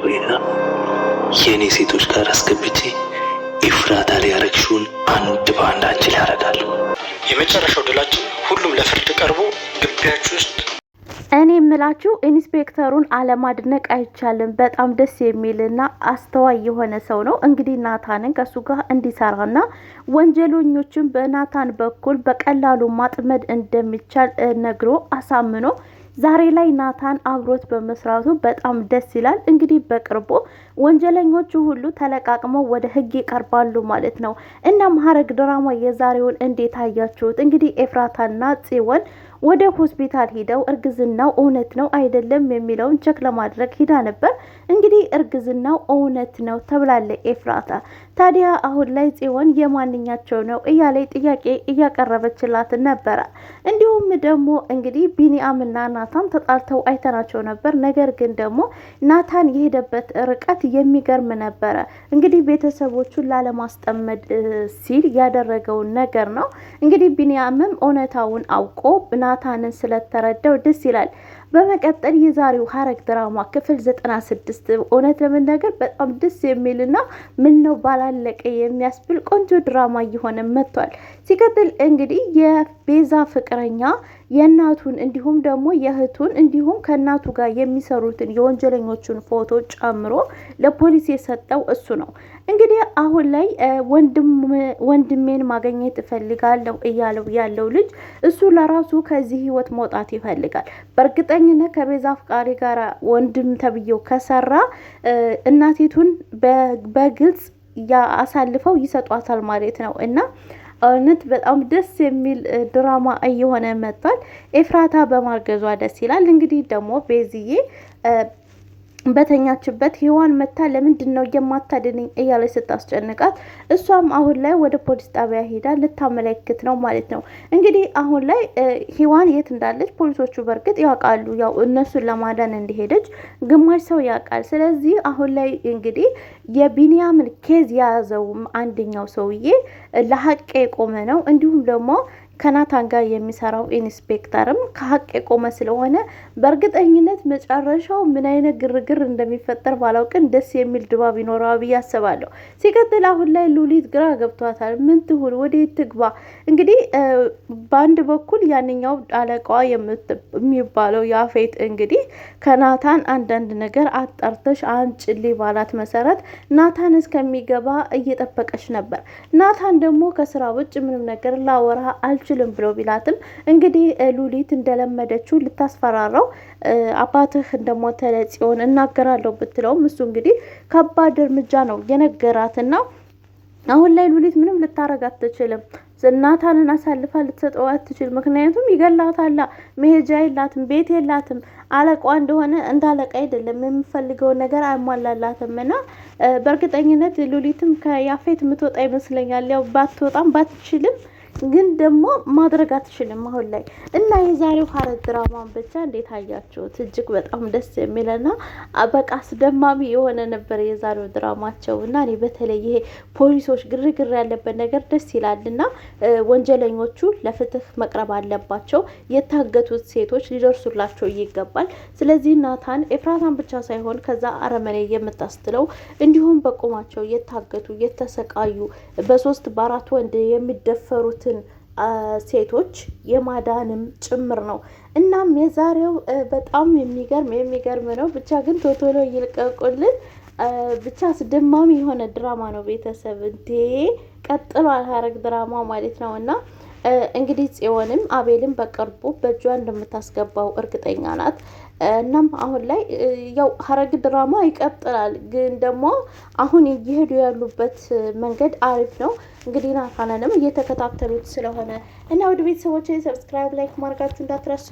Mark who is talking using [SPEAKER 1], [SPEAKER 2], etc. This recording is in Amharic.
[SPEAKER 1] አሸበሽበኝና የእኔ ሴቶች ጋር አስገብቼ ኤፍራታ ላይ ያረግሽውን አንድ በአንድ አንቺ ላይ ያረጋለሁ። የመጨረሻው ድላችን ሁሉም ለፍርድ ቀርቦ ግቢያችሁ ውስጥ
[SPEAKER 2] እኔ የምላችሁ ኢንስፔክተሩን አለማድነቅ አይቻልም። በጣም ደስ የሚልና አስተዋይ የሆነ ሰው ነው። እንግዲህ ናታንን ከእሱ ጋር እንዲሰራና ወንጀለኞችን በናታን በኩል በቀላሉ ማጥመድ እንደሚቻል ነግሮ አሳምኖ ዛሬ ላይ ናታን አብሮት በመስራቱ በጣም ደስ ይላል። እንግዲህ በቅርቡ ወንጀለኞቹ ሁሉ ተለቃቅመው ወደ ህግ ይቀርባሉ ማለት ነው። እናም ሐረግ ድራማ የዛሬውን እንዴት አያችሁት? እንግዲህ ኤፍራታና ጽወን ወደ ሆስፒታል ሂደው እርግዝናው እውነት ነው አይደለም የሚለውን ቸክ ለማድረግ ሂዳ ነበር። እንግዲህ እርግዝናው እውነት ነው ተብላለ ኤፍራታ። ታዲያ አሁን ላይ ጽዮን የማንኛቸው ነው እያለ ጥያቄ እያቀረበችላት ነበረ። እንዲሁም ደግሞ እንግዲህ ቢኒያምና ናታን ተጣልተው አይተናቸው ነበር። ነገር ግን ደግሞ ናታን የሄደበት ርቀት የሚገርም ነበረ። እንግዲህ ቤተሰቦቹን ላለማስጠመድ ሲል ያደረገውን ነገር ነው። እንግዲህ ቢንያምም እውነታውን አውቆ ናታንን ስለተረዳው ደስ ይላል። በመቀጠል የዛሬው ሀረግ ድራማ ክፍል ዘጠና ስድስት እውነት ለመናገር በጣም ደስ የሚልና ምን ነው ባላለቀ የሚያስብል ቆንጆ ድራማ እየሆነ መጥቷል። ሲቀጥል እንግዲህ የቤዛ ፍቅረኛ የእናቱን እንዲሁም ደግሞ የእህቱን እንዲሁም ከእናቱ ጋር የሚሰሩትን የወንጀለኞቹን ፎቶ ጨምሮ ለፖሊስ የሰጠው እሱ ነው። እንግዲህ አሁን ላይ ወንድሜን ማግኘት እፈልጋለሁ እያለው ያለው ልጅ እሱ ለራሱ ከዚህ ህይወት መውጣት ይፈልጋል። በእርግጠኝነት ከቤዛ አፍቃሪ ጋር ወንድም ተብዬው ከሰራ እናቲቱን በግልጽ አሳልፈው ይሰጧታል ማለት ነው እና እውነት በጣም ደስ የሚል ድራማ እየሆነ መጥቷል። ኤፍራታ በማርገዟ ደስ ይላል። እንግዲህ ደግሞ ቤዝዬ በተኛችበት ሔዋን መታ ለምንድን ነው የማታድንኝ እያለች ስታስጨንቃት እሷም አሁን ላይ ወደ ፖሊስ ጣቢያ ሄዳ ልታመለክት ነው ማለት ነው። እንግዲህ አሁን ላይ ሔዋን የት እንዳለች ፖሊሶቹ በእርግጥ ያውቃሉ፣ ያው እነሱን ለማዳን እንደሄደች ግማሽ ሰው ያውቃል። ስለዚህ አሁን ላይ እንግዲህ የቢንያምን ኬዝ የያዘው አንደኛው ሰውዬ ለሀቅ የቆመ ነው። እንዲሁም ደግሞ ከናታን ጋር የሚሰራው ኢንስፔክተርም ከሀቅ የቆመ ስለሆነ በእርግጠኝነት መጨረሻው ምን አይነት ግርግር እንደሚፈጠር ባላውቅን ደስ የሚል ድባብ ይኖረዋል ብዬ አስባለሁ። ሲቀጥል አሁን ላይ ሉሊት ግራ ገብቷታል። ምን ትሁን? ወዴት ትግባ? እንግዲህ በአንድ በኩል ያንኛው አለቃዋ የሚባለው ያፌት እንግዲህ ከናታን አንዳንድ ነገር አጣርተሽ አንጭሌ ባላት መሰረት ናታን እስከሚገባ እየጠበቀች ነበር። ናታን ደግሞ ከስራ ውጭ ምንም ነገር ላወራ አልች አልችልም ብሎ ቢላትም እንግዲህ ሉሊት እንደለመደችው ልታስፈራራው አባትህ እንደሞተ ለጽዮን እናገራለሁ ብትለውም እሱ እንግዲህ ከባድ እርምጃ ነው የነገራትና አሁን ላይ ሉሊት ምንም ልታረግ አትችልም። እናታንን አሳልፋ ልትሰጠው አትችል። ምክንያቱም ይገላታላ። መሄጃ የላትም፣ ቤት የላትም። አለቋ እንደሆነ እንዳለቃ አይደለም የምፈልገውን ነገር አያሟላላትም። እና በእርግጠኝነት ሉሊትም ከያፌት የምትወጣ ይመስለኛል። ያው ባትወጣም ባትችልም ግን ደግሞ ማድረግ አትችልም አሁን ላይ እና የዛሬው ሀረ ድራማን ብቻ እንዴት አያችሁት? እጅግ በጣም ደስ የሚልና በቃ አስደማሚ የሆነ ነበር የዛሬው ድራማቸው እና እኔ በተለይ ይሄ ፖሊሶች ግርግር ያለበት ነገር ደስ ይላል እና ወንጀለኞቹ ለፍትህ መቅረብ አለባቸው። የታገቱት ሴቶች ሊደርሱላቸው ይገባል። ስለዚህ ናታን ኤፍራታን ብቻ ሳይሆን ከዛ አረመኔ የምታስትለው እንዲሁም በቁማቸው የታገቱ የተሰቃዩ በሶስት በአራት ወንድ የሚደፈሩት ያሉትን ሴቶች የማዳንም ጭምር ነው። እናም የዛሬው በጣም የሚገርም የሚገርም ነው። ብቻ ግን ቶቶሎ ይልቀቁልን። ብቻ አስደማሚ የሆነ ድራማ ነው። ቤተሰብ እንዴ ቀጥሏል፣ ሐረግ ድራማ ማለት ነው። እና እንግዲህ ጽዮንም አቤልም በቅርቡ በእጇ እንደምታስገባው እርግጠኛ ናት። እናም አሁን ላይ ያው ሀረግ ድራማ ይቀጥላል። ግን ደግሞ አሁን እየሄዱ ያሉበት መንገድ አሪፍ ነው። እንግዲህ ናታንንም እየተከታተሉት ስለሆነ እና ወደ ቤተሰቦች ሰብስክራይብ፣ ላይክ ማድረጋችሁ እንዳትረሱ።